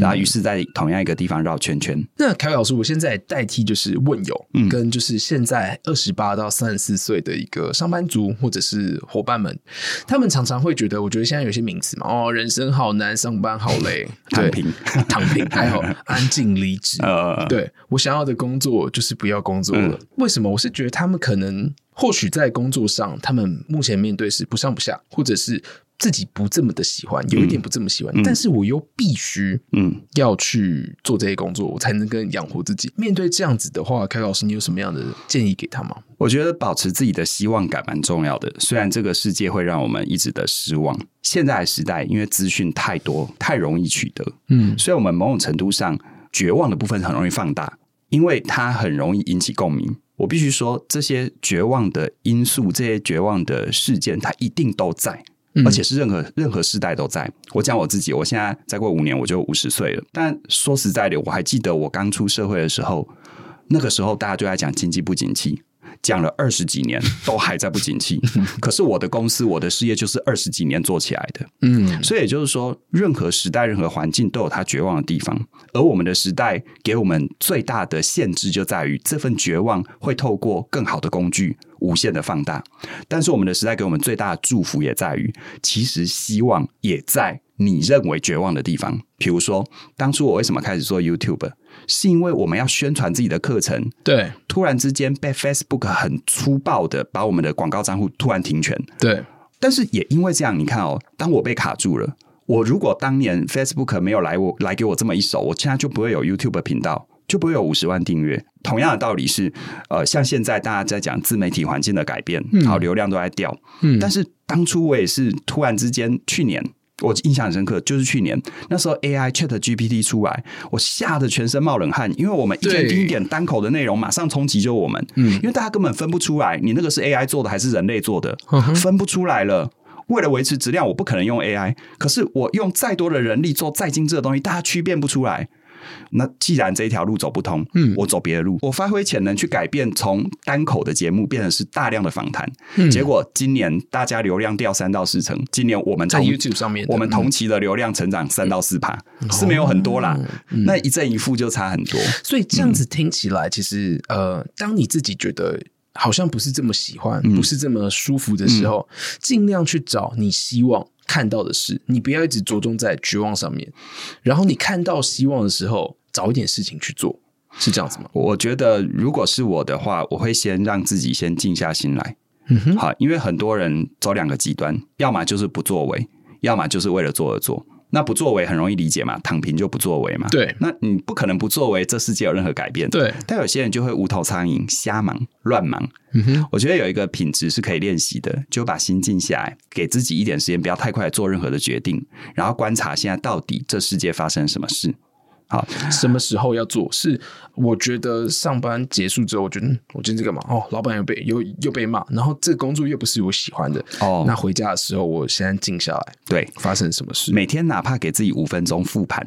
然後，於是在同樣一個地方繞圈圈。嗯、那凱宇老師，我現在代替就是問友，嗯、跟就是現在二十八到三十四歲的一個上班族或者是夥伴們，他們常常會覺得，我覺得現在有些名詞嘛，哦，人生好難，上班好累，躺平，躺、啊、平，還好， 安靜離職。呃、對我想要的工作就是不要工作了。嗯、為什麼？我是覺得他們可能或許在工作上，他們目前面對是不上不下，或者是。自己不這麼的喜歡，有一點不這麼喜歡，嗯、但是我又必須嗯要去做這些工作，嗯、我才能跟養活自己。面對這樣子的話，凱老師，你有什麼樣的建議給他嗎？我覺得保持自己的希望感蠻重要的。雖然這個世界會讓我們一直的失望，現在的時代因為資訊太多，太容易取得，嗯，所以我們某種程度上絕望的部分很容易放大，因為它很容易引起共鳴。我必須說，這些絕望的因素，這些絕望的事件，它一定都在。而且是任何任何時代都在。我講我自己，我現在再過五年我就五十歲了。但說實在的，我還記得我剛出社會的時候，那個時候大家都在講經濟不景氣。講了二十幾年，都還在不景氣。可是我的公司，我的事業就是二十幾年做起來的。嗯，所以也就是說，任何時代、任何環境都有它絕望的地方。而我們的時代給我們最大的限制，就在於這份絕望會透過更好的工具無限的放大。但是我們的時代給我們最大的祝福，也在於其實希望也在你認為絕望的地方。比如說，當初我為什麼開始做 YouTube？是因為我們要宣傳自己的課程，對，突然之間被 Facebook 很粗暴的把我們的廣告賬戶突然停權，對。但是也因為這樣，你看哦，當我被卡住了，我如果當年 Facebook 沒有來我來給我這麼一手，我現在就不會有 YouTube 頻道，就不會有五十萬訂閱。同樣的道理是，呃，像現在大家在講自媒體環境的改變，好、嗯，然後流量都在掉，嗯，但是當初我也是突然之間去年。我印象很深刻，就是去年那時候，AI ChatGPT 出來，我嚇得全身冒冷汗，因為我們一天聽一點單口的內容馬上衝擊就我們，嗯對，因為大家根本分不出來，你那個是 AI 做的還是人類做的，分不出來了。為了維持質量，我不可能用 AI，可是我用再多的人力做再精緻的東西，大家區辨不出來。那既然這一條路走不通，嗯，我走別的路，我發揮潛能去改變，從單口的節目變成是大量的訪談。嗯、結果今年大家流量掉三到四成，今年我們在 YouTube 上面，我們同期的流量成長三到四趴，嗯、是沒有很多啦。嗯、那一正一負就差很多，所以這樣子聽起來，嗯、其實呃，當你自己覺得好像不是這麼喜歡，嗯、不是這麼舒服的時候，盡、嗯嗯、量去找你希望。看到的事，你不要一直着重在絕望上面，然後你看到希望的時候，找一點事情去做，是這樣子嗎？我覺得，如果是我的話，我會先讓自己先靜下心來。嗯哼，好，因為很多人走兩個極端，要麼就是不作為，要麼就是為了做而做。那不作為很容易理解嘛，躺平就不作為嘛。對，那你不可能不作為，這世界有任何改變。對，但有些人就會無頭蒼蠅，瞎忙亂忙。嗯哼。我覺得有一個品質是可以練習的，就把心靜下來，給自己一點時間，不要太快做任何的決定，然後觀察現在到底這世界發生了什麼事。好什麼時候要做？是我覺得上班結束之後，我覺得我今天在幹嘛？哦，老闆又被又又被罵，然後這個工作又不是我喜歡的。哦，那回家的時候，我現在靜下來。對，發生什麼事？每天哪怕給自己五分鐘復盤，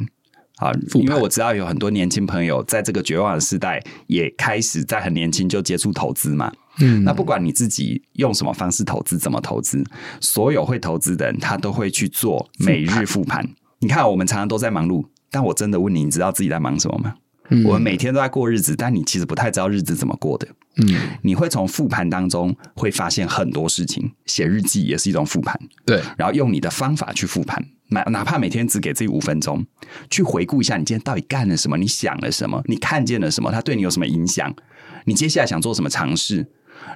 啊，因為我知道有很多年輕朋友在這個絕望的時代，也開始在很年輕就接觸投資嘛。嗯，那不管你自己用什麼方式投資，怎麼投資，所有會投資的人，他都會去做每日復盤。盤你看，我們常常都在忙碌。但我真的問你，你知道自己在忙什麼嗎？嗯，我們每天都在過日子，但你其實不太知道日子怎麼過的。嗯，你會從復盤當中會發現很多事情，寫日記也是一種復盤。對，然後用你的方法去復盤，哪怕每天只給自己五分鐘，去回顧一下你今天到底幹了什麼，你想了什麼，你看見了什麼，它對你有什麼影響？你接下來想做什麼嘗試？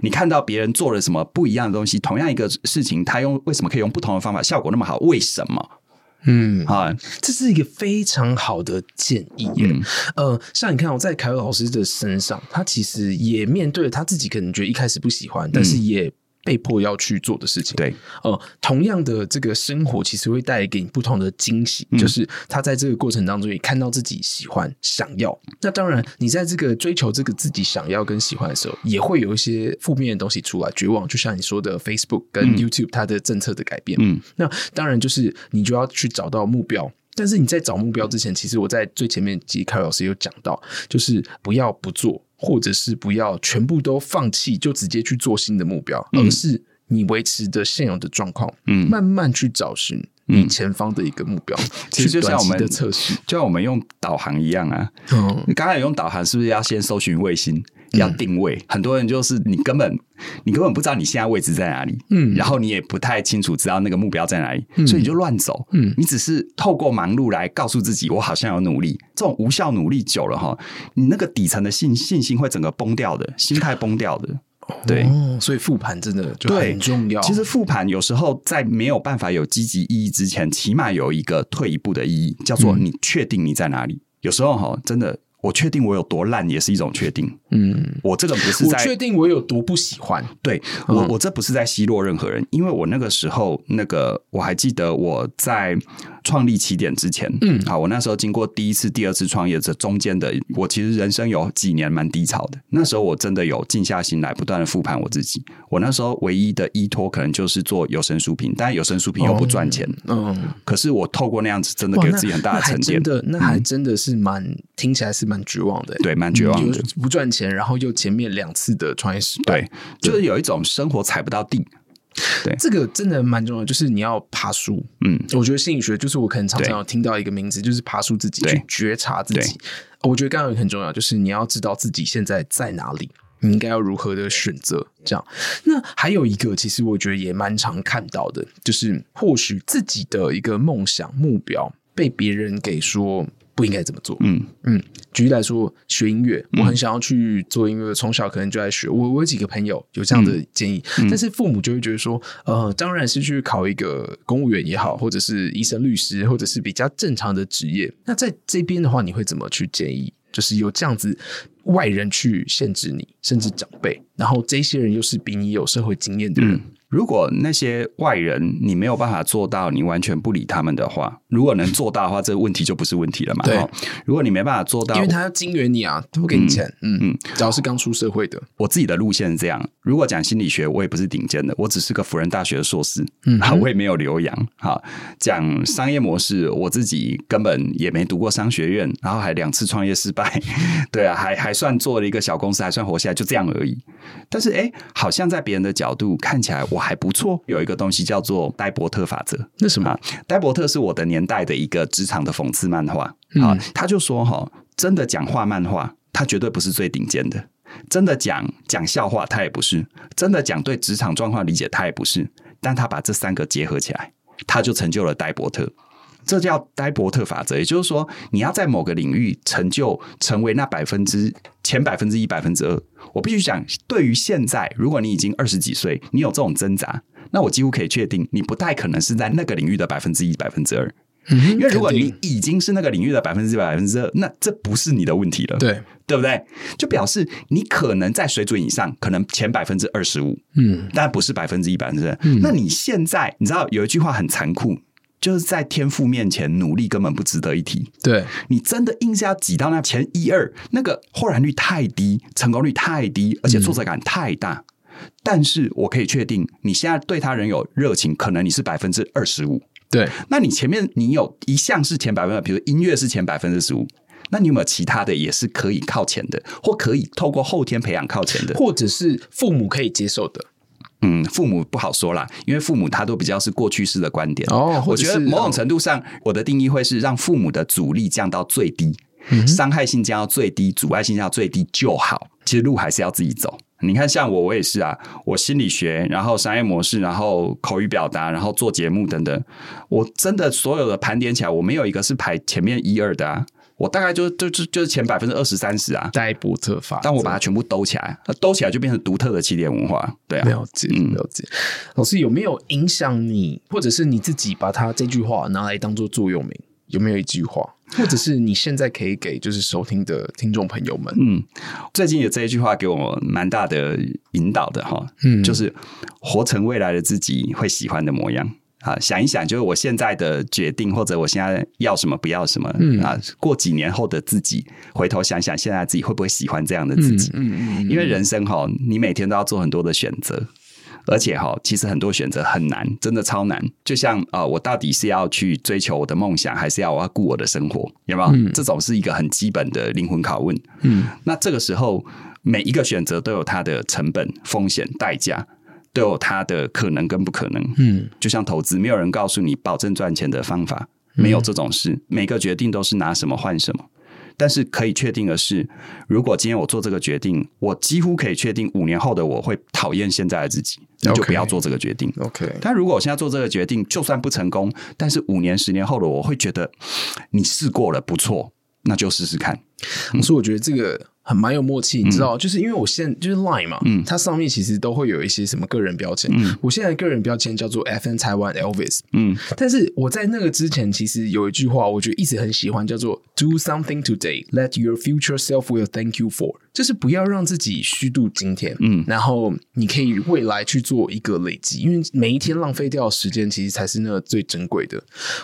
你看到別人做了什麼不一樣的東西？同樣一個事情，他用，為什麼可以用不同的方法，效果那麼好？為什麼？嗯，好，Hi. 這是一個非常好的建議耶。嗯、呃，像你看，我在凱宇老師的身上，他其實也面對了他自己，可能覺得一開始不喜歡，嗯、但是也。被迫要去做的事情，對，呃，同樣的這個生活其實會帶給你不同的驚喜，嗯、就是他在這個過程當中，你看到自己喜歡、想要。那當然，你在這個追求這個自己想要跟喜歡的時候，也會有一些負面的東西出來，絕望。就像你說的，Facebook 跟 YouTube 它的政策的改變，嗯，那當然就是你就要去找到目標。但是你在找目標之前，其實我在最前面，其實凱宇老師有講到，就是不要不做。或者是不要全部都放棄，就直接去做新的目標，嗯，而是你維持着現有的狀況，嗯，慢慢去找尋你前方的一個目標。嗯，其實就像我們的測試，就像我們用導航一樣啊。嗯，你剛才用導航是不是要先搜尋衛星？要定位，嗯、很多人就是你根本你根本不知道你現在位置在哪裡，嗯，然後你也不太清楚知道那個目標在哪裡，嗯、所以你就亂走，嗯，你只是透過忙碌來告訴自己我好像有努力，這種無效努力久了哈，你那個底層的信信心會整個崩掉的，心態崩掉的，對，哦、所以復盤真的就很重要。其實復盤有時候在沒有辦法有積極意義之前，起碼有一個退一步的意義，叫做你確定你在哪裡。嗯、有時候哈，真的我確定我有多爛也是一種確定。嗯，我這個不是在，確定我有多不喜歡，對、嗯、我我這不是在奚落任何人，因為我那個時候那個我還記得我在創立啟點之前，嗯，好，我那時候經過第一次、第二次創業這中間的，我其實人生有幾年蠻低潮的。那時候我真的有靜下心來，不斷的復盤我自己。我那時候唯一的依托可能就是做有聲書評，但有聲書評又不賺錢、哦。嗯，嗯，可是我透過那樣子真的給自己很大的沉澱。真的，那還真的是蠻、嗯、聽起來是蠻絕、欸、絕望的，對、嗯，蠻絕望的，不賺錢。然後又前面兩次的創業失敗，對，對對就是有一種生活踩不到地。對，這個真的蠻重要，就是你要爬梳。嗯，我覺得心理學就是我可能常常要聽到一個名詞，對就是爬梳自己對去覺察自己。我覺得剛剛很重要，就是你要知道自己現在在哪裡，你應該要如何的選擇。這樣，那還有一個，其實我覺得也蠻常看到的，就是或許自己的一個夢想目標被別人給說。不應該怎麼做？嗯嗯，舉例來說，學音樂，嗯、我很想要去做音樂，從小可能就在學。我我有幾個朋友有這樣的建議，嗯、但是父母就會覺得說，呃，當然是去考一個公務員也好，或者是醫生、律師，或者是比較正常的職業。那在這邊的話，你會怎麼去建議？就是有這樣子外人去限制你，甚至長輩，然後這些人又是比你有社會經驗的人。嗯如果那些外人你沒有辦法做到，你完全不理他們的話，如果能做到的話， 這個問題就不是問題了嘛。對。如果你沒辦法做到，因為他要金援你啊，他不給你錢。嗯嗯，只、嗯、要是剛出社會的。我自己的路線是這樣：如果講心理學，我也不是頂尖的，我只是個輔仁大學的碩士，嗯哼，我也沒有留洋。哈，講商業模式，我自己根本也沒讀過商學院，然後還兩次創業失敗， 對啊，還還算做了一個小公司，還算活下來，就這樣而已。但是哎、欸，好像在別人的角度看起來，我。還不錯，有一個東西叫做呆伯特法則。那什麼？啊、呆伯特是我的年代的一個職場的諷刺漫畫、嗯、啊。他就說：“哈，真的講話漫畫，他絕對不是最頂尖的；真的講講笑話，他也不是；真的講對職場狀況理解，他也不是。但他把這三個結合起來，他就成就了呆伯特。這叫呆伯特法則。也就是說，你要在某個領域成就成為那百分之前百分之一、百分之二。”我必須講，對於現在，如果你已經二十幾歲，你有這種掙扎，那我幾乎可以確定，你不太可能是在那個領域的百分之一、百分之二。嗯，因為如果你已經是那個領域的百分之一、百分之二，那這不是你的問題了，對，對不對？就表示你可能在水準以上，可能前百分之二十五，嗯，但不是百分之一、百分之二。嗯，那你現在，你知道有一句話很殘酷。就是在天賦面前，努力根本不值得一提。對，你真的硬是要擠到那前一二，那個或然率太低，成功率太低，而且挫折感太大。嗯、但是我可以確定，你現在對他人有熱情，可能你是百分之二十五。對，那你前面你有一項是前百分之，比如說音樂是前百分之十五，那你有沒有其他的也是可以靠前的，或可以透過後天培養靠前的，或者是父母可以接受的？嗯，父母不好說啦，因為父母他都比較是過去式的觀點。哦，我覺得某種程度上，我的定義會是讓父母的阻力降到最低，嗯哼，傷害性降到最低，阻礙性降到最低就好。其實路還是要自己走。你看，像我，我也是啊，我心理學，然後商業模式，然後口語表達，然後做節目等等，我真的所有的盤點起來，我沒有一個是排前面一二的啊。我大概就就就就是前百分之二十三十啊，呆伯特法，但我把它全部兜起來，那兜起來就變成獨特的起點文化，對啊，了解，了解。嗯、老師有沒有影響你，或者是你自己把它這句話拿來當做座右銘？有沒有一句話，或者是你現在可以給就是收聽的聽眾朋友們？嗯，最近有這一句話給我蠻大的引導的哈，嗯，就是活成未來的自己會喜歡的模樣。啊，想一想，就是我現在的決定，或者我現在要什麼，不要什麼。嗯啊，過幾年後的自己回頭想想，現在自己會不會喜歡這樣的自己？嗯，嗯，因為人生哈，嗯，你每天都要做很多的選擇，而且哈，其實很多選擇很難，真的超難。就像啊、呃，我到底是要去追求我的夢想，還是要我要顧我的生活？有沒有？嗯，這種是一個很基本的靈魂拷問。嗯，那這個時候每一個選擇都有它的成本、風險、代價。都有它的可能跟不可能，嗯，就像投資，沒有人告訴你保證賺錢的方法，沒有這種事。嗯、每個決定都是拿什麼換什麼，但是可以確定的是，如果今天我做這個決定，我幾乎可以確定五年後的我會討厭現在的自己，那就不要做這個決定。OK, okay. 但如果我現在做這個決定，就算不成功，但是五年、十年後的我會覺得你試過了不錯，那就試試看。所、嗯、以我，我覺得這個。很蠻有默契，你知道，嗯、就是因為我現在就是 Line 嘛，嗯、它上面其實都會有一些什麼個人標籤。嗯，我現在的個人標籤叫做 FM Taiwan Elvis。嗯，但是我在那個之前，其實有一句話，我覺得一直很喜歡，叫做 "Do something today, let your future self will thank you for"，就是不要讓自己虛度今天。嗯，然後你可以未來去做一個累積，因為每一天浪費掉的時間，其實才是那個最珍貴的。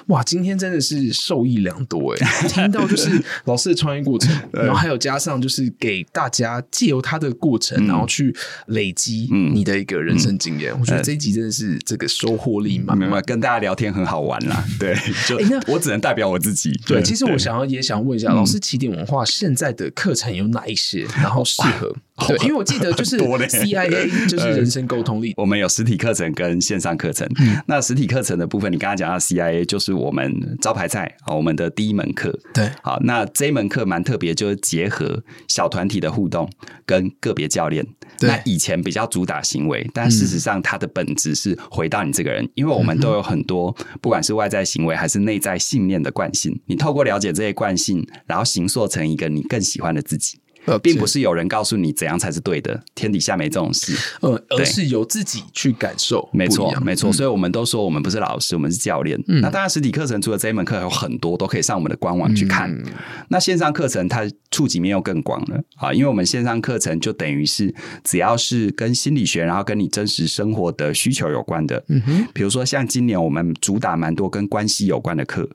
哇，今天真的是受益良多哎、欸！聽到就是老師的創業過程， 然後還有加上就是。給大家借由他的過程，然後去累積你的一個人生經驗。嗯嗯、我覺得這一集真的是這個收穫力明白、嗯嗯嗯嗯嗯，跟大家聊天很好玩啦。嗯、對，就、欸、我只能代表我自己。對，對其實我想要也想問一下，老師、嗯、啟點文化現在的課程有哪一些？然後適合。對，因為我記得就是 CIA，就是人生溝通力、 嗯。我們有實體課程跟線上課程。嗯、那實體課程的部分，你剛剛講到 CIA，就是我們招牌菜啊，我們的第一門課。對，好，那這一門課蠻特別，就是結合小團體的互動跟個別教練。對那以前比較主打行為，但事實上它的本質是回到你這個人，嗯、因為我們都有很多，不管是外在行為還是內在信念的慣性。你透過了解這些慣性，然後形塑成一個你更喜歡的自己。呃，Okay. 並不是有人告訴你怎樣才是對的，天底下沒這種事。呃，而是由自己去感受。對沒錯，沒錯。嗯、所以我們都說我們不是老師，我們是教練。嗯、那當然，實體課程除了這一門課，有很多都可以上我們的官網去看。嗯、那線上課程它觸及面又更廣了啊，因為我們線上課程就等於是只要是跟心理學，然後跟你真實生活的需求有關的，嗯哼，比如說像今年我們主打蠻多跟關係有關的課。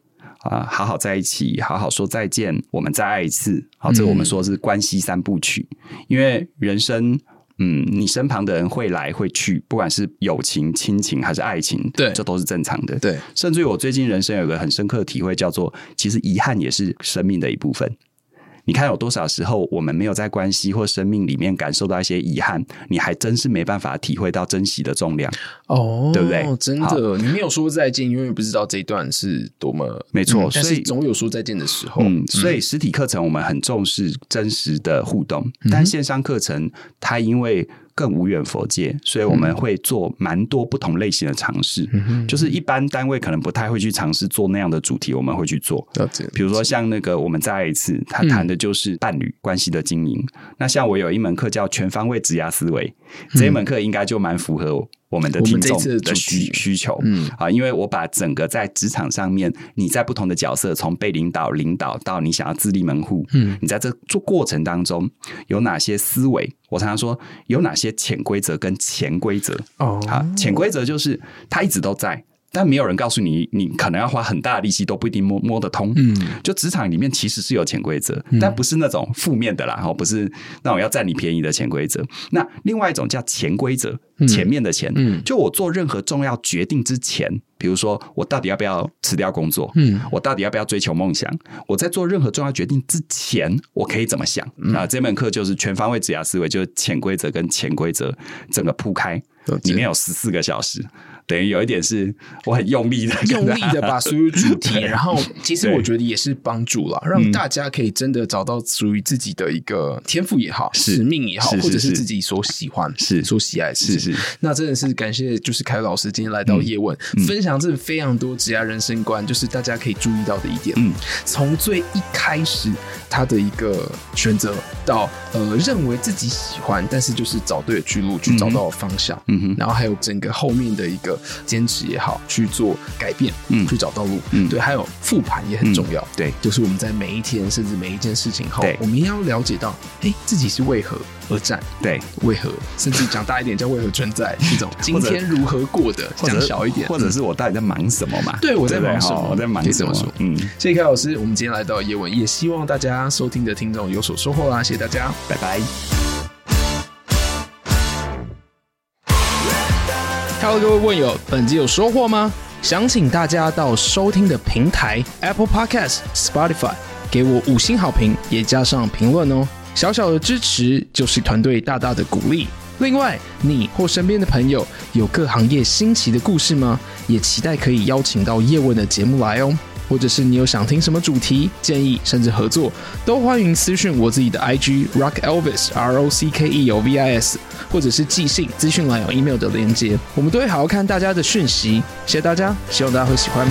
啊，好好在一起，好好說再見，我們再愛一次。好，這個、我們說是關係三部曲。嗯、因為人生，嗯，你身旁的人會來會去，不管是友情、親情還是愛情，對，這都是正常的。對，甚至於我最近人生有一個很深刻的體會，叫做其實遺憾也是生命的一部分。你看有多少時候我們沒有在關係或生命裡面感受到一些遺憾，你還真是沒辦法體會到珍惜的重量哦，對不對？真的，好你沒有說再見，因為不知道這一段是多麼。沒錯錯。所以總有說再見的時候。嗯，以嗯，所以實體課程我們很重視真實的互動，是但線上課程它因為。更無遠弗屆，所以我們會做蠻多不同類型的嘗試，嗯嗯，就是一般單位可能不太會去嘗試做那樣的主題，我們會去做。比如說像那個我們再一次，他談的就是伴侶關係的經營。嗯、那像我有一門課叫全方位直壓思維，這一門課應該就蠻符合。嗯我們的聽眾的需需求，嗯啊，因為我把整個在職場上面，你在不同的角色，從被領導、領導到你想要自立門戶，嗯，你在這做過程當中有哪些思維？我常常說有哪些潛規則跟潛規則哦，潛規則就是它一直都在。但沒有人告訴你，你可能要花很大的力氣，都不一定摸摸得通。嗯，就職場裡面其實是有潛規則，嗯、但不是那種負面的啦，哈，不是那我要占你便宜的潛規則。那另外一種叫潛規則，嗯、前面的潛，嗯，就我做任何重要決定之前，比如說我到底要不要辭掉工作，嗯，我到底要不要追求夢想，我在做任何重要決定之前，我可以怎麼想？啊、嗯，那這門課就是全方位職涯思維，就是潛規則跟潛規則整個鋪開，嗯、裡面有十四個小時。嗯等於有一點是我很用力的用，用力的把所有主題， 對然後其實我覺得也是幫助了，對讓大家可以真的找到屬於自己的一個天賦也好，是使命也好，是是是或者是自己所喜歡、是所喜愛，是，是是。那真的是感謝，就是凱老師今天來到業問，嗯、分享這非常多職業人生觀，就是大家可以注意到的一點。嗯，從最一開始他的一個選擇，到呃，認為自己喜歡，但是就是找對了去路，嗯、去找到了方向，嗯哼，然後還有整個後面的一個堅持也好，去做改變，嗯，去找到路，嗯，對，還有復盤也很重要，嗯、對，就是我們在每一天，甚至每一件事情後，對，我們要了解到，哎、欸，自己是為何。何戰？對，為何？甚至講大一點叫為何存在？這 種今天如何過的？講者小一點，或者是我到底在忙什麼嘛？嗯、對，我在忙什麼？我在忙什麼？嗯，謝謝凱老師，我們今天來到業問，也希望大家收聽的聽眾有所收穫啦！謝謝大家，拜拜。Hello，各位問友，本集有收穫嗎？想請大家到收聽的平台 Apple Podcast、Spotify 給我五星好評，也加上評論哦。小小的支持就是團隊大大的鼓勵。另外，你或身邊的朋友有各行業新奇的故事嗎？也期待可以邀請到業問的節目來哦。或者是你有想聽什麼主題建議，甚至合作，都歡迎私訊我自己的 IG rock elvis r o c k e l v i s，或者是寄信、資訊欄，有 email 的連接，我們都會好好看大家的訊息。謝謝大家，希望大家會喜歡。